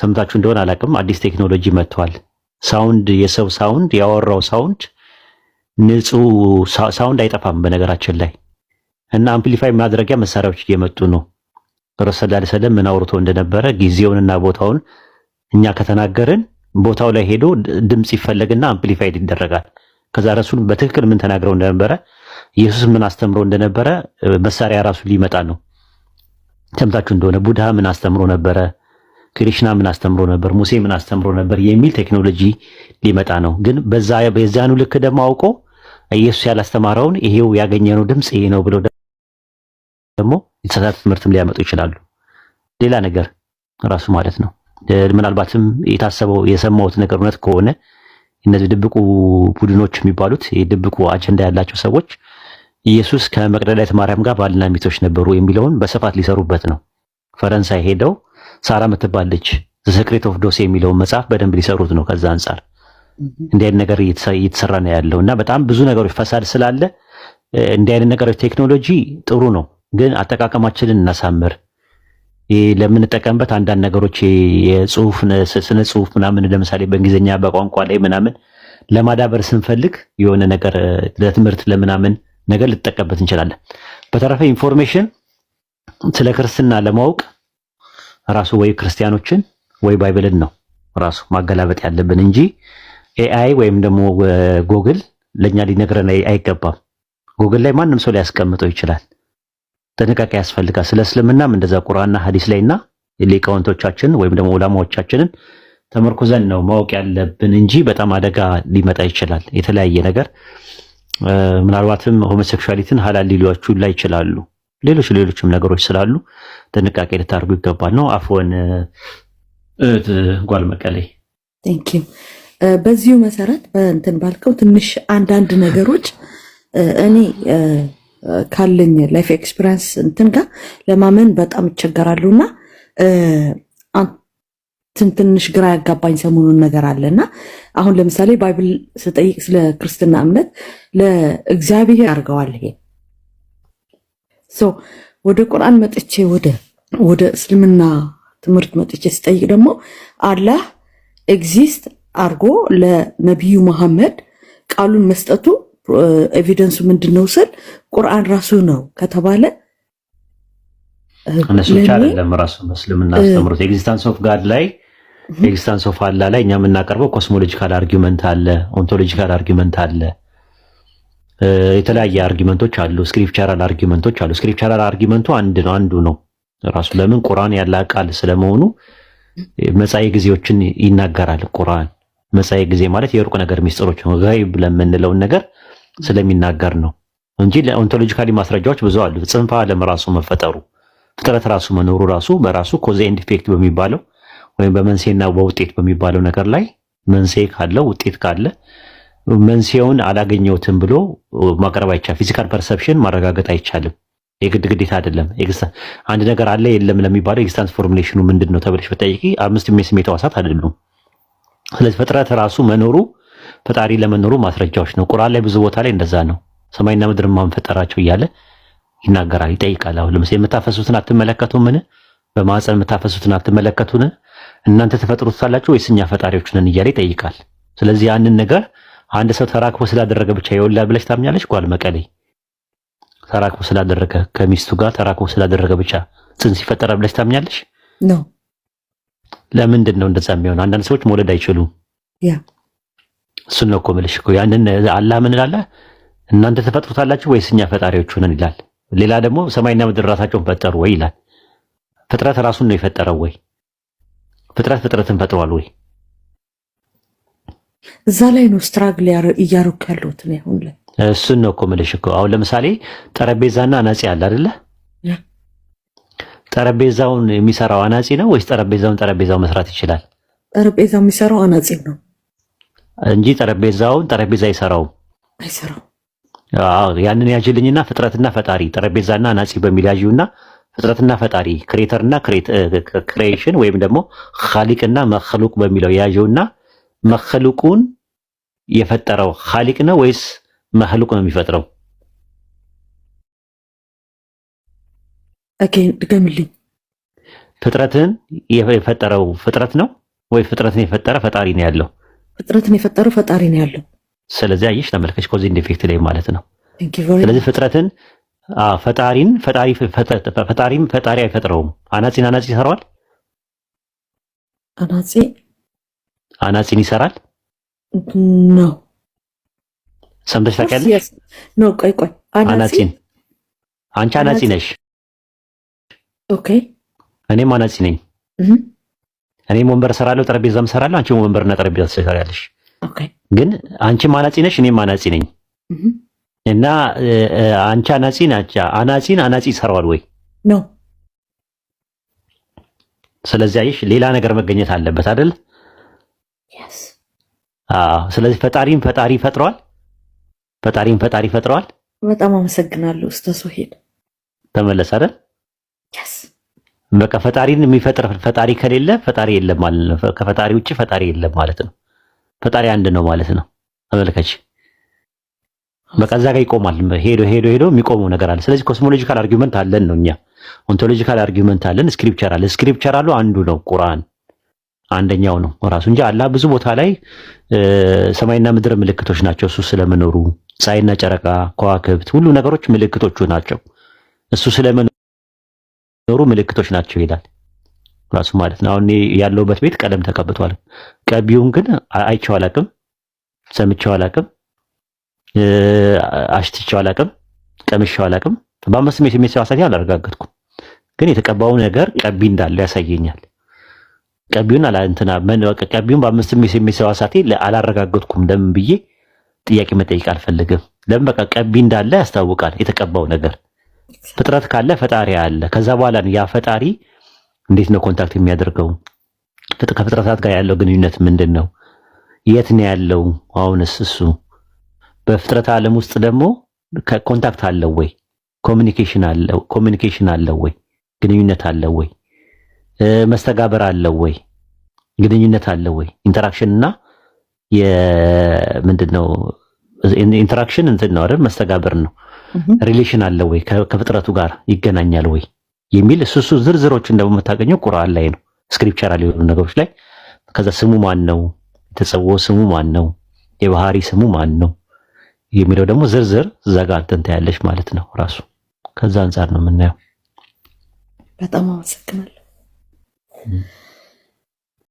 ሰምታችሁ እንደሆነ አላውቅም፣ አዲስ ቴክኖሎጂ መጥቷል። ሳውንድ የሰው ሳውንድ ያወራው ሳውንድ ንጹህ ሳውንድ አይጠፋም በነገራችን ላይ እና አምፕሊፋይ ማድረጊያ መሳሪያዎች እየመጡ ነው። ረሱል ሰለም ምን አውርቶ እንደነበረ ጊዜውንና ቦታውን እኛ ከተናገርን ቦታው ላይ ሄዶ ድምፅ ይፈለግና አምፕሊፋይድ ይደረጋል። ከዛ ረሱል በትክክል ምን ተናግረው እንደነበረ ኢየሱስ ምን አስተምሮ እንደነበረ መሳሪያ ራሱ ሊመጣ ነው። ሰምታችሁ እንደሆነ ቡድሃ ምን አስተምሮ ነበረ ክሪሽና ምን አስተምሮ ነበር፣ ሙሴ ምን አስተምሮ ነበር የሚል ቴክኖሎጂ ሊመጣ ነው። ግን በዛ በዛኑ ልክ ደግሞ አውቆ ኢየሱስ ያላስተማረውን ይሄው ያገኘነው ድምፅ ይሄ ነው ብሎ ደግሞ የተሳሳተ ትምህርትም ሊያመጡ ይችላሉ። ሌላ ነገር ራሱ ማለት ነው። ምናልባትም የታሰበው የሰማሁት ነገር እውነት ከሆነ እነዚህ ድብቁ ቡድኖች የሚባሉት የድብቁ አጀንዳ ያላቸው ሰዎች ኢየሱስ ከመቅደላዊት ማርያም ጋር ባልና ሚስቶች ነበሩ የሚለውን በስፋት ሊሰሩበት ነው። ፈረንሳይ ሄደው ሳራ የምትባለች ዘሰክሬት ኦፍ ዶሴ የሚለውን መጽሐፍ በደንብ ሊሰሩት ነው። ከዛ አንጻር እንዲህ አይነት ነገር እየተሰራ ነው ያለው እና በጣም ብዙ ነገሮች ፈሳድ ስላለ እንዲህ አይነት ነገሮች ቴክኖሎጂ ጥሩ ነው፣ ግን አጠቃቀማችንን እናሳምር። ለምንጠቀምበት አንዳንድ ነገሮች የጽሁፍ ስነ ጽሁፍ ምናምን ለምሳሌ በእንግሊዝኛ በቋንቋ ላይ ምናምን ለማዳበር ስንፈልግ የሆነ ነገር ለትምህርት ለምናምን ነገር ልጠቀምበት እንችላለን። በተረፈ ኢንፎርሜሽን ስለ ክርስትና ለማወቅ ራሱ ወይ ክርስቲያኖችን ወይ ባይብልን ነው ራሱ ማገላበጥ ያለብን እንጂ ኤአይ ወይም ደግሞ ጎግል ለእኛ ሊነግረን አይገባም። ጎግል ላይ ማንም ሰው ሊያስቀምጠው ይችላል። ጥንቃቄ ያስፈልጋል። ስለ እስልምናም እንደዛ ቁርአንና ሐዲስ ላይና ሊቃውንቶቻችን ወይም ደግሞ ዑላማዎቻችንን ተመርኩዘን ነው ማወቅ ያለብን እንጂ በጣም አደጋ ሊመጣ ይችላል። የተለያየ ነገር ምናልባትም ሆሞሴክሹዋሊቲን ሀላል ሊሏችሁ ላይ ይችላሉ። ሌሎች ሌሎችም ነገሮች ስላሉ ጥንቃቄ ልታደርጉ ይገባል ነው። አፎን እህት ጓል መቀሌ በዚሁ መሰረት በእንትን ባልከው ትንሽ አንዳንድ ነገሮች እኔ ካለኝ ላይፍ ኤክስፒሪንስ እንትን ጋር ለማመን በጣም ይቸገራሉ እና ትን ትንሽ ግራ ያጋባኝ ሰሞኑን ነገር አለ እና አሁን ለምሳሌ ባይብል ስጠይቅ ስለ ክርስትና እምነት ለእግዚአብሔር አድርገዋል ይሄ ሰው ወደ ቁርአን መጥቼ ወደ ወደ እስልምና ትምህርት መጥቼ ስጠይቅ ደግሞ አላህ ኤግዚስት አድርጎ ለነቢዩ መሐመድ ቃሉን መስጠቱ ኤቪደንሱ ምንድን ነው ስል ቁርአን ራሱ ነው ከተባለ እነሱ ብቻ አይደለም ራሱ እስልምና አስተምሮት ኤግዚስታንስ ኦፍ ጋድ ላይ ኤግዚስታንስ ኦፍ አላ ላይ እኛ የምናቀርበው ኮስሞሎጂካል አርጊመንት አለ ኦንቶሎጂካል አርጊመንት አለ የተለያየ አርጊመንቶች አሉ። ስክሪፕቸራል አርጊመንቶች አሉ። ስክሪፕቸራል አርጊመንቱ አንድ ነው አንዱ ነው ራሱ ለምን ቁርአን ያለ ቃል ስለመሆኑ መጻኢ ጊዜዎችን ይናገራል። ቁርአን መጻኢ ጊዜ ማለት የሩቅ ነገር ሚስጥሮች ነው፣ ገይብ ለምንለውን ነገር ስለሚናገር ነው እንጂ ለኦንቶሎጂካሊ ማስረጃዎች ብዙ አሉ። ጽንፈ ዓለም ራሱ መፈጠሩ ፍጥረት ራሱ መኖሩ ራሱ በራሱ ኮዝ ኤንድ ኢፌክት በሚባለው ወይም በመንሴና በውጤት በሚባለው ነገር ላይ መንሴ ካለው ውጤት ካለ መንስኤውን አላገኘሁትም ብሎ ማቅረብ አይቻልም። ፊዚካል ፐርሰፕሽን ማረጋገጥ አይቻልም። የግድ ግዴታ አይደለም። አንድ ነገር አለ የለም ለሚባለው ኤግዚስታንስ ፎርሙሌሽኑ ምንድን ነው ተብለሽ በጠይቂ አምስት የስሜት ሕዋሳት አይደሉም። ስለዚህ ፍጥረት ራሱ መኖሩ ፈጣሪ ለመኖሩ ማስረጃዎች ነው። ቁርአን ላይ ብዙ ቦታ ላይ እንደዛ ነው። ሰማይና ምድር ማን ፈጠራቸው እያለ ይናገራል፣ ይጠይቃል። አሁን ለምሳሌ የምታፈሱትን አትመለከቱምን? በማህፀን የምታፈሱትን አትመለከቱን? እናንተ ተፈጥሮታላችሁ ወይስ እኛ ፈጣሪዎች ነን እያለ ይጠይቃል። ስለዚህ ያንን ነገር አንድ ሰው ተራክቦ ስላደረገ ብቻ ይወላል ብለሽ ታምኛለሽ? ጓል መቀሌ ተራክቦ ስላደረገ ከሚስቱ ጋር ተራክቦ ስላደረገ ብቻ ጽንስ ይፈጠራል ብለሽ ታምኛለሽ? ኖ። ለምንድን ነው እንደዛ የሚሆነው? አንዳንድ ሰዎች መውለድ አይችሉም። ያ እሱን ነው እኮ የምልሽ እኮ ያንን አላህ ምን ይላል? እናንተ ተፈጥሩታላችሁ ወይስ እኛ ፈጣሪዎች ሆነን ይላል። ሌላ ደግሞ ሰማይና ምድር ራሳቸውን ፈጠሩ ወይ ይላል። ፍጥረት ራሱን ነው የፈጠረው ወይ? ፍጥረት ፍጥረትን ፈጥሯል ወይ? እዛ ላይ ነው ስትራግል እያረኩ ያለሁት አሁን ላይ። እሱን ነው እኮ የምልሽ እኮ አሁን ለምሳሌ ጠረጴዛና አናጺ አለ አይደለ? ጠረጴዛውን የሚሰራው አናጺ ነው ወይስ ጠረጴዛውን ጠረጴዛው መስራት ይችላል? ጠረጴዛው የሚሰራው አናጺ ነው እንጂ ጠረጴዛውን ጠረጴዛ አይሰራውም። አይሰራው ያንን ያጅልኝና ፍጥረትና ፈጣሪ ጠረጴዛና አናጺ በሚል ያዩና ፍጥረትና ፈጣሪ ክሬተርና ክሬሽን ወይም ደግሞ ካሊቅና መክሉቅ በሚለው ያዥውና መኸልቁን የፈጠረው ኻሊቅ ነው ወይስ መኸልቁ ነው የሚፈጥረው? አገን ድገምልኝ። ፍጥረትን የፈጠረው ፍጥረት ነው ወይ ፍጥረትን የፈጠረ ፈጣሪ ነው ያለው? ፍጥረትን የፈጠረው ፈጣሪ ነው ያለው። ስለዚህ አየሽ ተመልከሽ፣ ኮዚ ኢንዲፌክት ላይ ማለት ነው። ስለዚህ ፍጥረትን ፈጣሪን ፈጣሪ ፈጣሪም ፈጣሪ አይፈጥረውም። አናጺን አናጺ ይሰራዋል። አናጺ አናጺን ይሰራል ነው? ሰምተሽ ታውቂያለሽ? ነው ቆይ ቆይ አናጺን አንቺ አናጺ ነሽ። ኦኬ እኔም አናጺ ነኝ። እኔም ወንበር እሰራለሁ፣ ጠረጴዛም እሰራለሁ። አንቺ ወንበርና ጠረጴዛ ትሰራለሽ። ኦኬ ግን አንቺም አናጺ ነሽ፣ እኔም አናጺ ነኝ። እና አንቺ አናጺ ናቻ አናጺን አናጺ ይሰራዋል ወይ ነው? ስለዚህ አይሽ ሌላ ነገር መገኘት አለበት አይደል? ስለዚህ ፈጣሪም ፈጣሪ ፈጥሯል። ፈጣሪም ፈጣሪ ፈጥሯል። በጣም አመሰግናለሁ ኡስታዝ ሶሄድ። ተመለስ አይደል? በቃ ፈጣሪን የሚፈጥር ፈጣሪ ከሌለ ፈጣሪ የለም ማለት ነው። ከፈጣሪ ውጭ ፈጣሪ የለም ማለት ነው። ፈጣሪ አንድ ነው ማለት ነው። ተመልከች፣ በቃ እዛ ጋር ይቆማል። ሄዶ ሄዶ ሄዶ የሚቆመው ነገር አለ። ስለዚህ ኮስሞሎጂካል አርጊመንት አለን ነው እኛ ኦንቶሎጂካል አርጊመንት አለን። ስክሪፕቸር አለ። ስክሪፕቸር አሉ አንዱ ነው ቁርአን አንደኛው ነው ራሱ እንጂ አላህ ብዙ ቦታ ላይ ሰማይና ምድር ምልክቶች ናቸው እሱ ስለመኖሩ፣ ፀሐይና ጨረቃ፣ ከዋክብት ሁሉ ነገሮች ምልክቶቹ ናቸው እሱ ስለመኖሩ ምልክቶች ናቸው ይላል ራሱ ማለት ነው። አሁን ያለውበት ቤት ቀለም ተቀብቷል። ቀቢውን ግን አይቼው አላቅም፣ ሰምቼው አላቅም፣ አሽትቼው አላቅም፣ ቀምሼው አላቅም። በአምስት ስሜት ስሜት አላረጋገጥኩም፣ ግን የተቀባው ነገር ቀቢ እንዳለው ያሳየኛል። ቀቢውን አላንትና ምን በቃ ቀቢውን በአምስት ሚስ የሚሰዋ ሳቴ አላረጋገጥኩም። ለምን ብዬ ጥያቄ መጠየቅ አልፈልግም። ለምን በቃ ቀቢ እንዳለ ያስታውቃል። የተቀባው ነገር ፍጥረት ካለ ፈጣሪ አለ። ከዛ በኋላ ያ ፈጣሪ እንዴት ነው ኮንታክት የሚያደርገው? ከፍጥረታት ጋር ያለው ግንኙነት ምንድን ነው? የት ነው ያለው? አሁንስ እሱ በፍጥረት ዓለም ውስጥ ደግሞ ኮንታክት አለው ወይ? ኮሚኒኬሽን አለው? ኮሚኒኬሽን አለው ወይ? ግንኙነት አለው ወይ? መስተጋበር አለው ወይ ግንኙነት አለው ወይ ኢንተራክሽን እና የምንድን ነው ኢንተራክሽን እንትን ነው አይደል መስተጋብር ነው ሪሌሽን አለው ወይ ከፍጥረቱ ጋር ይገናኛል ወይ የሚል እሱ እሱ ዝርዝሮችን ደግሞ የምታገኘው ቁርአን ላይ ነው ስክሪፕቸራል የሆኑ ነገሮች ላይ ከዛ ስሙ ማን ነው የተጸወ ስሙ ማን ነው የባህሪ ስሙ ማን ነው የሚለው ደግሞ ዝርዝር እዛ ጋር እንትን ታያለች ማለት ነው ራሱ ከዛ አንጻር ነው የምናየው በጣም አመሰግናለሁ 嗯。